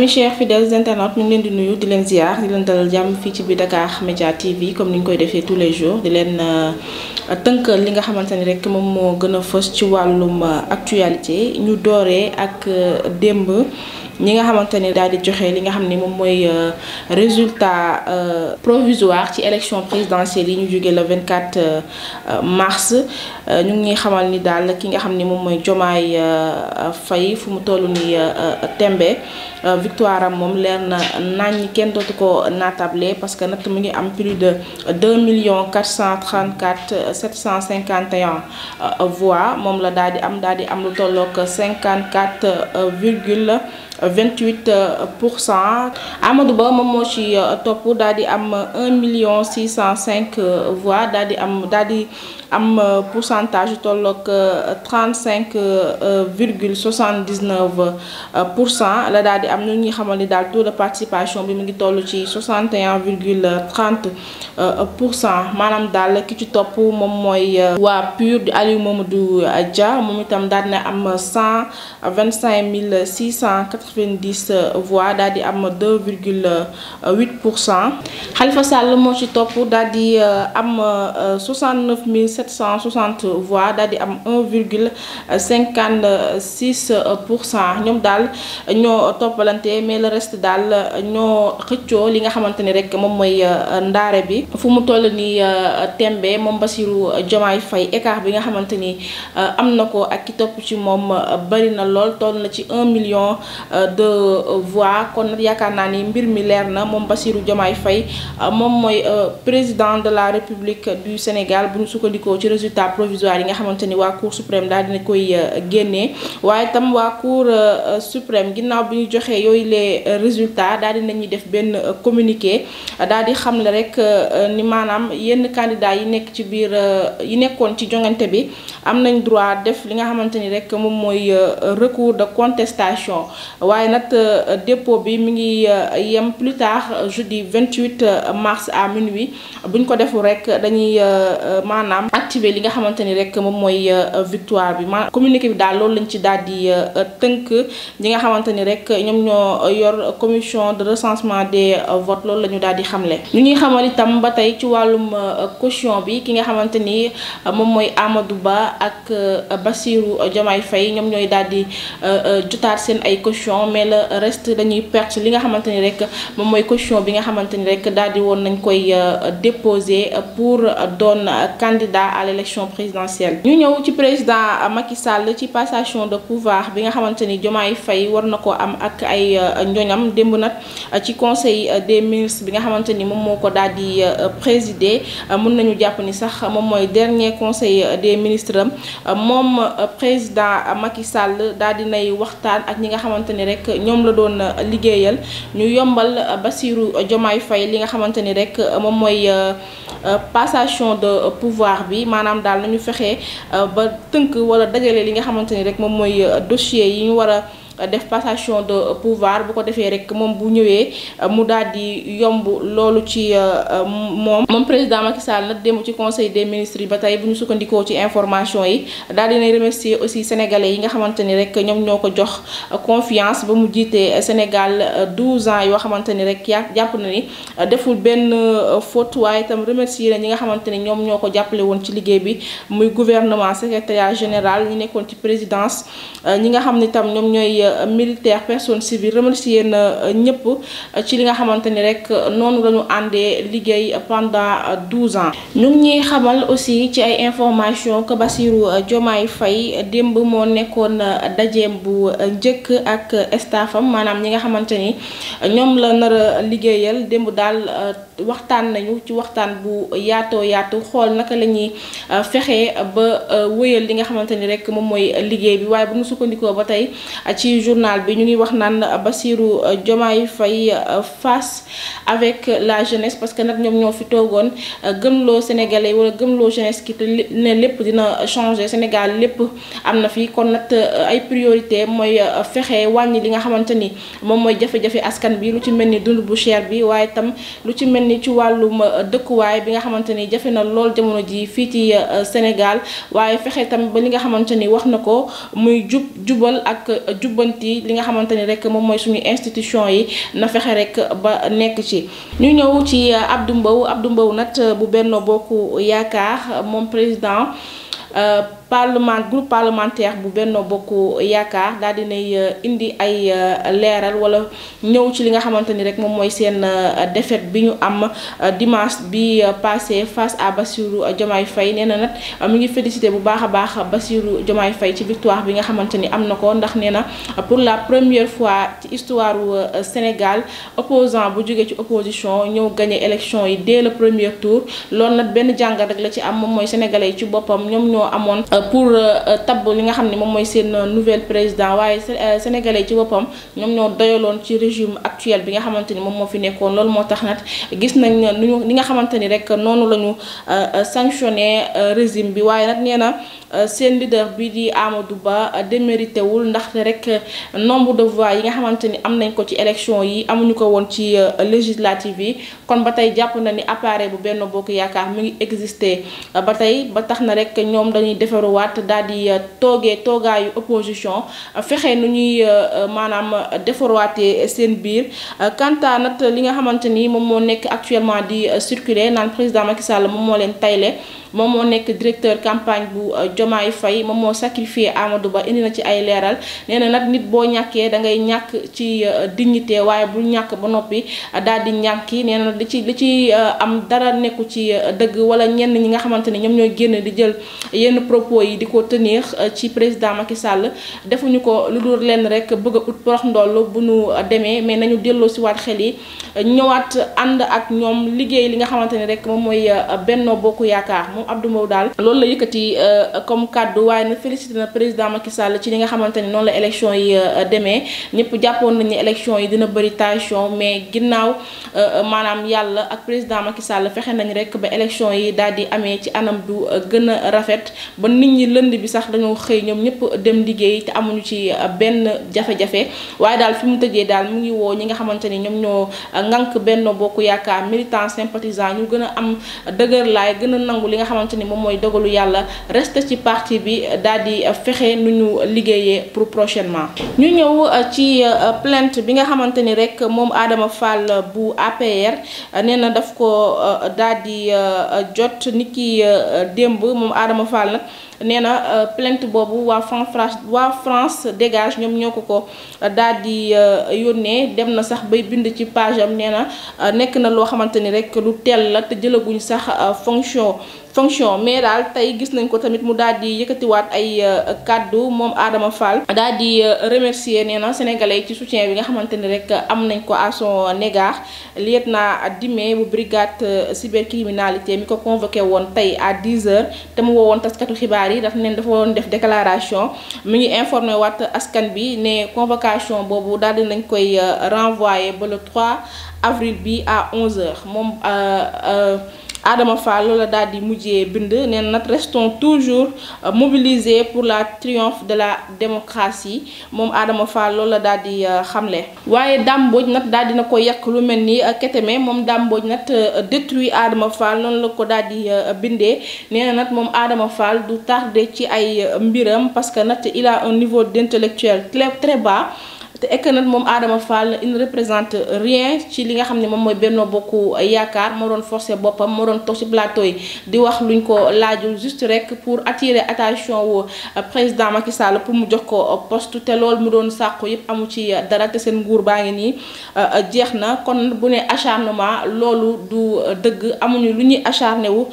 ami cher fidèles internautes ñu ngi leen di nuyu di leen ziar di leen dalal jàmm fii ci biir Dakar Media TV comme ni ñu koy defee tous les jours di leen euh, tënk li nga xamante ni rek moom moo gën a fës ci wàllum euh, actualité ñu dooree ak euh, démb. ñi nga xamante ni daal di joxe li nga xam ne moom mooy euh, résultat euh, provisoire ci élection présidentielle yi ñu jógee le 24 euh, mars ñu ngi xamal ni daal ki nga xam ni moom mooy Jomaay Fay fu mu toll ni tembe victoire am moom leer na nañ kenn dootu ko naatable parce que nag mu ngi am plus de 2 cent 434 751 voix moom la daal di am daal di am lu tollook 54 virgule 28 euh, pour cent Amadou Ba moom moo ci euh, topp daal di am 1 million 605 euh, voix daal di am daal am euh, pourcentage tolloog 35 euh, euh, virgule 79 pour cent la daal di am ñu ngi xamal ni daal taux de participation bi mu ngi tollu ci 61 virgule 30 pour cent maanaam daal ki ci topp moom mooy waa PUR di moom du Dia moom itam daal dina am cent cent vingt cinq mille 125 690 voix daal di am 2 virgule 8 pour cent Khalifa Sall moo ci topp daal di am 69 000 cent 760 voix daal di am 1,56 pour cent ñoom daal ñoo toppalante mais le reste daal ñoo xëccoo li nga xamante ni rek moom mooy euh, ndaare bi fu mu toll nii euh, tembe moom Bassirou Diomaye fay écart bi nga xamante ni euh, am na ko ak ki topp ci moom bari na lool toll na ci un million de voix kon yaakaar naa ni mbir mi leer na moom Bassirou Diomaye Faye moom mooy président de la République du Sénégal bu ñu sukkandikoo sukkandikoo ci résultat provisoire yi nga xamante ni waa cour suprême daal dina koy euh, génnee waaye tam waa cour euh, euh, suprême ginnaaw bi ñu joxee yooyu les résultats daal ñuy def benn communiqué daal di xamle rek ni maanaam yenn candidat yi nekk ci biir yi nekkoon ci jongante bi am nañ droit def li nga xamante ni rek moom mooy recours de contestation waaye nag dépôt bi mu ngi yem plus tard jeudi 28 mars à minuit buñ ko deful rek dañuy maanaam activé li nga xamante ni rek moom mooy euh, euh, victoire bi ma communiqué bi daal loolu lañ ci daal euh, tënk ñi nga xamante ni rek ñoom ñoo yor commission de recensement de votes lool la ñu daal di xamle ñu ñuy xamal tam ba tey ci wàllum caution bi ki nga xamante ni moom mooy Amadou Ba ak Bassirou Diomaye Faye ñoom ñooy daal di jotaat seen ay costion mais le reste dañuy perte li nga xamante ni rek moom mooy caution bi nga xamante ni rek daal woon nañ koy déposer pour doon candidat candidat à l' élection présidentielle ñu ñëw ci président Macky Sall ci passation de pouvoir bi nga xamante ni Diomaye Faye war na ko am ak ay njoñam euh, démb nag euh, ci conseil euh, des ministres bi nga xamante ni moom moo ko daal di présider mun nañu jàpp ni sax moom mooy dernier conseil des ministre am moom président Macky Sall daal di nay waxtaan ak ñi nga xamante ni rek ñoom la doon liggéeyal ñu yombal Bassirou Diomaye Faye li nga xamante ni rek moom mooy passation de pouvoir bi yi maanaam daal nañu fexe euh, ba tënk wala dajale li nga xamante ni rek moom mooy euh, dossier yi ñu war a def passation de pouvoir bu ko defee rek moom bu ñëwee mu daal di yomb loolu ci euh, euh, moom moom président Macky Sall nag ci conseil des ministres yi ba tey bu ñu sukkandikoo ci information yi daal nay remercier aussi sénégalais yi nga xamante ni rek ñoom ñoo ko jox confiance ba mu jiitee Sénégal 12 euh, ans yoo xamante ni rek yaa jàpp na ni deful benn faute waaye itam remercier na ñi nga xamante ni ñoom ñoo ko jàppale woon ci liggéey bi muy gouvernement secrétariat général ñu nekkoon ci présidence ñi nga xam ni tam ñoom ñooy Euh, militaire personne civile remercier na euh, ñëpp euh, ci li nga xamante ni rek noonu lañu àndee liggéey pendant douze ans. ñu ngi ñuy xamal aussi ci ay information que Bassirou Diomaye démb moo nekkoon dajeem bu njëkk ak staffam maanaam ñi nga xamante ni ñoom la nar liggéeyal démb daal. waxtaan nañu ci waxtaan bu yaatoo yaatu xool naka la ñuy euh, fexe ba euh, wéyal li nga xamante ni rek moom mooy liggéey bi waaye bu ñu sukkandikoo ba tey euh, ci journal bi ñu ngi wax naan Bassirou Diomaye fay face avec la jeunesse parce que nag ñoom ñoo fi toogoon loo gëmloo sénégalais wala gëmloo jeunesse ki te ne lépp dina changer Sénégal lépp am na fi kon nag ay priorité mooy fexe wàññi li nga xamante ni moom mooy jafe-jafe askan bi lu ci mel ni dund bu cher bi waaye ni ci wàllum euh, dëkkuwaay bi nga xamante ni jafe na lool jamono ji fii ci euh, Sénégal waaye fexe tamit ba li nga xamante ni wax na ko muy jub jubal ak euh, jubbanti li nga xamante ni rek moom mooy suñu institution yi na fexe rek ba nekk ci ñu ñëw ci Abdou Mbow Abdou mbaw nag bu benn Bokk Yaakaar moom président parlement groupe parlementaire bu Benno Bokk Yaakaar daal dinay euh, indi ay euh, leeral wala ñëw ci li nga xamante ni rek moom mooy seen euh, défaite bi ñu am dimanche bi passé face à Bassirou Diomaye fay nee na nag mi ngi félicité bu baax a baax Bassirou Diomaye fay ci victoire bi nga xamante ni am na ko ndax nee na pour la première fois ci histoire u Sénégal opposant bu jógee ci opposition ñëw gagné élection yi dès le première tour loolu nag benn jàngat rek la ci am moom mooy sénégalais yi ci boppam ñoom ñoo amoon pour euh, tabb li nga xam ne moom mooy seen euh, nouvelle président waaye euh, sénégalais ci boppam ñoom ñoo doyaloon ci régime actuel bi nga xamante ni moom moo fi nekkoon loolu moo tax nag gis nañ nu ñu li nga xamante ni rek noonu la ñu sanctionné régime bi waaye nag nee na seen leader bi di Amadou Ba démérité wul ndaxte rek nombre de voix yi nga xamante ni am nañ ko ci élection yi amuñu ko woon ci législative yi kon ba tey jàpp na ni appareil bu benn bokk yaakaar mu ngi existé euh, ba tey ba tax na rek ñoom dañuy defaruwaat daal di euh, toogee toogaayu opposition euh, fexe nu ñuy maanaam defaruwaatee seen biir quant à li nga xamante ni moom moo nekk actuellement di circuler naan président Macky Sall moom moo leen tayle moom moo nekk directeur campagne bu Jomaay Faye moom moo sacrifié Amadou Ba indi na ci ay leeral nee na nag nit boo ñàkkee da ngay ñàkk ci dignité waaye bul ñàkk ba noppi li ci li ci euh, am dara nekku ci euh, dëgg wala ñenn ñi nga xamante ne ñoom ñooy génn di jël yenn propos yi di ko tenir euh, ci président Macky Sall defuñu ko lu dul lenn rek bëgg ut porox ndoll bu nu demee mais nañu delloo si waat xel yi ñëwaat ànd ak ñoom liggéey li nga xamante ne rek moom mooy Benno Bokk Yaakaar moom Abdou Mbow daal loolu la yëkkati comme kàddu waaye na félicité na président Macky Sall ci li nga xamante ne noonu la élection yi demee ñëpp jàppoon nañu élection yi dina bëri tension mais ginnaaw yàlla ak président Macky Sall fexe nañ rek ba élection yi daal di amee ci anam du euh, gën a rafet ba nit ñi lënd bi sax dañoo xëy ñoom ñëpp dem liggéey te amuñu ci euh, benn jafe-jafe waaye daal fi mu tëjee daal mu ngi woo ñi nga xamante ni ñoom ñoo ngànk euh, benn Bokk Yaakaar militant sympathisant ñu gën a am dëgër laay gën a nangu li nga xamante ni moom mooy dogalu yàlla reste ci parti bi daal di fexe nu ñu liggéeyee pour prochainement ñu ñëw ci plainte bi nga xamante ni rek moom Adama Fall bu APR Euh, nee na daf ko euh, daal di euh, jot nit ki démb moom Adama Fall nag nee na plainte boobu waa France waa France dégage ñoom ñoo ko ko daal di yónnee dem na sax bay bind ci page am nee na nekk na loo xamante ni rek lu teel la te jëlaguñ sax fonction. fonction mais daal tey gis nañ ko tamit mu daal di yëkkatiwaat ay euh, kàddu moom aadama Fall daal di euh, remercier nee na sénégalais ci soutien bi nga xamante ni rek am nañ ko à son égard lieutenant Dimé bu brigade euh, cybercriminalité mi ko convoqué woon tey à 10 heures te mu woowoon taskatu xibaar yi daf neen dafa woon def déclaration mi ngi informé waat askan bi ne convocation boobu daal di nañ koy renvoyé ba le avril bi à 11 heures moom. aadama Fall loola daal di mujjee bind nee na nag restons toujours euh, mobilisés pour la triomphe de la démocratie moom aadama Fall loola daal di euh, xamle. waaye Dame Mbodj nag daal dina ko yàq lu mel ni euh, Keteme moom Dame Mbodj nag détruit Adama Fall noonu la ko daal di bindee nee na nag moom aadama Fall du tardé ci ay mbiram parce que nag il a un niveau d'intellectuel très très bas. te ekk Econet moom aadama Fall il ne représente rien ci li nga xam ne moom mooy Benno bokku Yaakaar moo doon forcé boppam moo doon toog ci plateau yi di wax luñ ko laajul juste rek pour attirer attention wu président Macky Sall pour mu jox ko poste te loolu mu doon sàqu yëpp amu ci dara te seen nguur baa ngi nii euh, jeex na kon bu ne acharnement loolu du dëgg amuñu lu ñuy acharné wu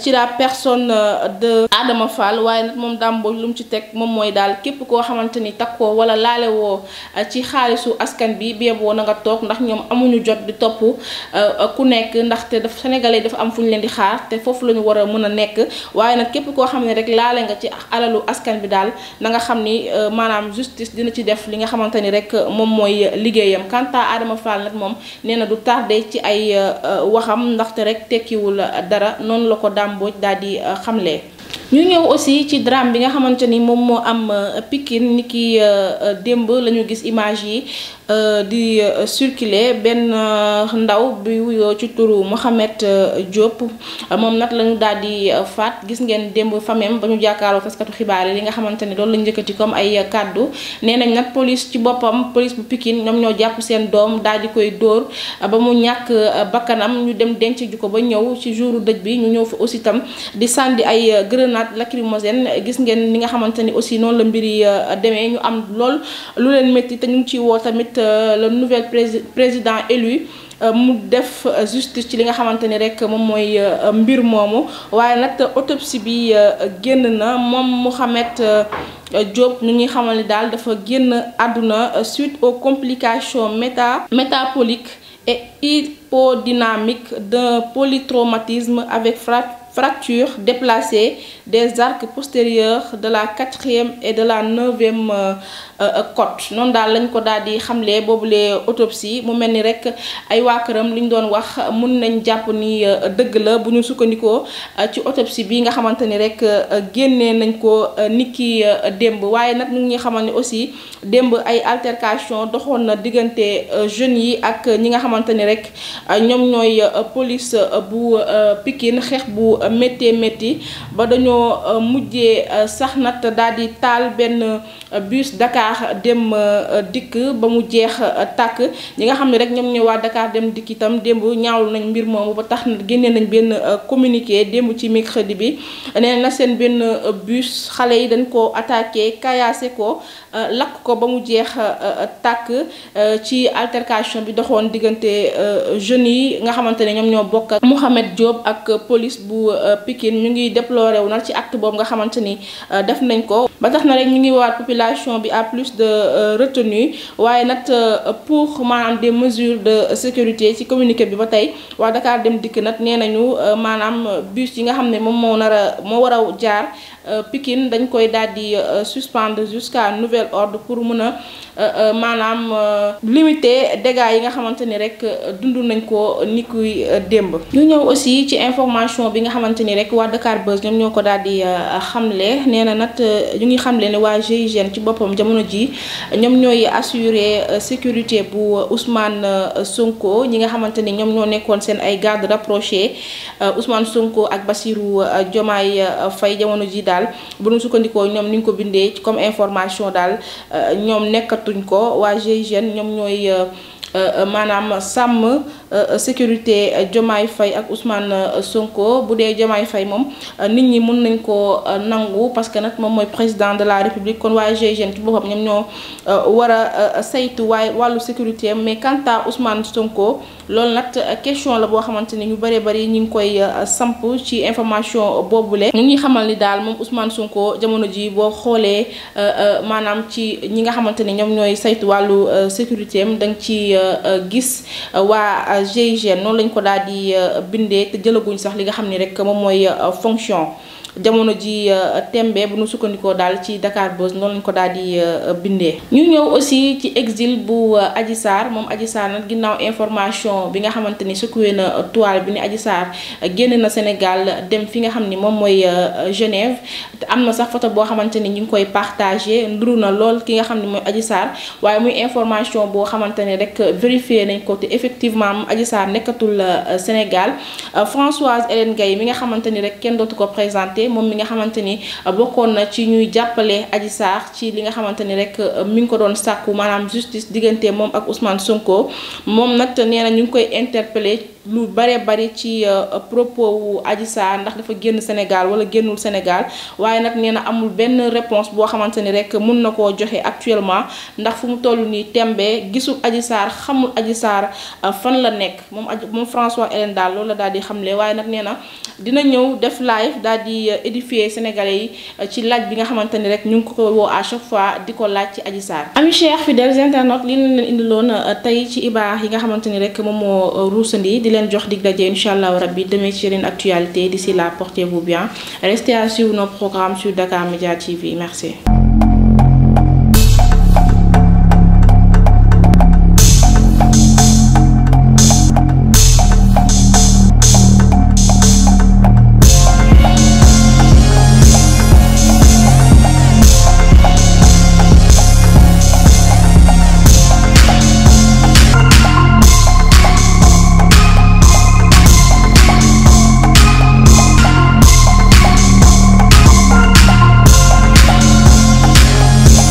ci la personne euh, de Adama Fall waaye nag moom Dame Mbodj lu mu ci teg moom mooy daal képp koo xamante ni takkoo wala laale euh, ci xaalisu askan bi beeboo na nga toog ndax ñoom amuñu jot di topp euh, ku nekk ndaxte daf sénégalais dafa am fu ñu leen di xaar te foofu la ñu war a mën a nekk waaye nag képp koo xam ne rek laale nga ci alalu askan bi daal nanga xam ni euh, maanaam justice dina ci def li nga xamante ni rek moom mooy liggéeyam quant à Adama nag moom nee na du tardé ci ay euh, waxam ndaxte rek tekkiwul dara noonu la ko dàmbooj daal di xamle ñu ñëw aussi ci drame bi nga xamante ni moom moo am euh, Pikine ni ki euh, euh, démb la ñu gis image yi di surculer benn ndaw bi wuyoo ci turu Mohamed Diop moom nag la ñu daal di faat gis ngeen démb famem ba ñu jàkkaaroo taskatu xibaar yi li nga xamante ni loolu la ñu njëkkati comme ay kàddu nee nañ nag police ci boppam police bu Pikine ñoom ñoo jàpp seen doom daal di koy dóor ba mu ñàkk bakkanam ñu dem denc ju ko ba ñëw ci jouru dëj bi ñu ñëw fa aussi itam di sàndi ay grenade grenade lacrymogène gis ngeen ni nga xamante ni aussi noonu la mbir yi euh, demee ñu am lool lu leen métti te ñu ngi ciy woo tamit euh, le nouvel président élu euh, mu def justice ci li nga xamante ni rek moom mooy mbir moomu waaye nag autopsie bi génn na moom Mouhamed Diop nu ngi xamal ni daal dafa génn àdduna suite aux complication méta métaboliques et hypodynamique d'un polytraumatisme avec fracture déplacée des arcs postérieurs de la quatrième et de la neuvième euh, euh, côte noonu daal lañ ko daal di xamle boobulee autopsie mu mel ni rek ay waa këram li ñu doon wax mun nañ jàpp ni euh, dëgg la bu ñu sukkandikoo ci autopsie bi nga xamante ni rek génnee nañ ko niki démb waaye nag ñu ngi xamante ni aussi démb ay altercation doxoon na diggante jeunes yi ak ñi nga xamante ni rek Euh, ñoom ñooy euh, police euh, bu Pikine xeex bu métti métti ba dañoo mujjee sax nag daal di taal benn bus dakaar dem dikk ba mu jeex tàkk ñi nga xam ne rek ñoom ñooy waa Dakar dem dikk itam démb ñaawlu nañ mbir moom ba tax na génnee nañ benn communiquer démb ci mercredi bi nee na seen benn bus xale yi dañ ko attaqué kaayaase ko lakk ko ba mu jeex tàkk ci altercation bi doxoon diggante jeunes yi nga xamante ne ñoom ñoo bokk ak Mouhamed Diop ak police bu euh, Pikine ñu ngi déploré wu nag ci acte boobu nga xamante ni euh, def nañ ko ba tax na rek ñu ngi waat population bi à plus de euh, retenue waaye nag pour maanaam de mesures de sécurité ci communiqué bi ba tey waa Dakar dem dikk nag nee nañu maanaam bus yi nga xam ne moom moo nar a moo war a jaar Pikine dañ koy daal di suspendre jusqu'à nouvel ordre pour mën a maanaam limiter dégâts yi nga xamante rek dund nañ ko ni kuy euh, démb ñu ñëw aussi ci information bi nga xamante ni rek waa Dakar Buzz ñoom ñoo ko daal di euh, xamle nee na nag euh, ñu ngi xamle ne waa GIGN ci boppam jamono ji ñoom ñooy assurer sécurité bu Ousmane Sonko ñi nga xamante ni ñoom ñoo nekkoon seen ay garde rapproché usmaan Sonko ak Bassirou Diomaye fay jamono ji daal bu sukkandikoo ñoom ni ñu ko bindee comme information daal ñoom nekkatuñ ko waa GIGN ñoom ñooy Euh, euh, maanaam sàmm euh, sécurité Jomaay fay ak Ousmane Sonko bu dee Jomaay fay moom nit ñi mun nañ ko nangu parce que nag moom mooy président de la république kon waaye GIGN ci boppam ñoom ñoo war a saytu waaye wàllu sécurité mais quant à Sonko loolu nag question la boo xamante ni ñu bëree bëri ñu ngi koy samp ci information boobule ñu ngi xamal ni daal moom Ousmane Sonko jamono ji boo xoolee maanaam ci ñi nga xamante ni ñoom ñooy saytu wàllu sécurité am Euh, euh, gis euh, waa GIGN noonu lañ ko daal di bindee te jëlaguñ sax li nga xam ni rek moom mooy fonction jamono ji euh, tembe bu nu sukkandikoo daal ci Dakar Buzz noonu lañ ko daal di euh, bindee. ñu ñëw aussi ci exil bu euh, Adji Sarr moom Adji Sarr nag ginnaaw information bi nga xamante ni secoué na toile bi ni Adji Sarr génn na Sénégal dem fi nga xam ni moom mooy Genève te am na sax photo boo xamante ni ñu ngi koy partagé nduru na lool ki nga xam ne mooy Adji Sarr waaye muy information boo xamante ne rek vérifié nañ ko te effectivement Adji Sarr nekkatul Sénégal Françoise Hélène Gaye mi nga xamante ni rek kenn dootu ko présenté. moom mi nga xamante ni euh, bokkoon na ci ñuy jàppale Adji Sarr ci li nga xamante ni rek euh, mi ngi ko doon sàkku maanaam justice diggante moom ak Ousmane Sonko moom nag nee na ñu ngi koy interpellé lu bare bari ci euh, propos wu Adji Sarr ndax dafa génn Sénégal wala génnul Sénégal waaye nag nee na amul benn réponse boo xamante ni rek mun na koo joxe actuellement ndax fu mu toll nii tembe gisul Adji Sarr xamul Adji Sarr euh, fan la nekk moom aji moom François Hélène daal loolu la daal di xamle waaye nag nee na dina ñëw def live daal di euh, édifier sénégalais yi ci laaj bi nga xamante ni rek ñu ngi ko woo à chaque fois di ko laaj ci Adji Sarr. ami cher fidèles internautes li leen tey ci xibaar yi nga xamante ni rek moom moo ruusandi leen jox dig daje incha allah rabbi demee ci yeneen actualité d'ici la porté vous bien restez à suivre nos programmes sur Dakar Media TV merci.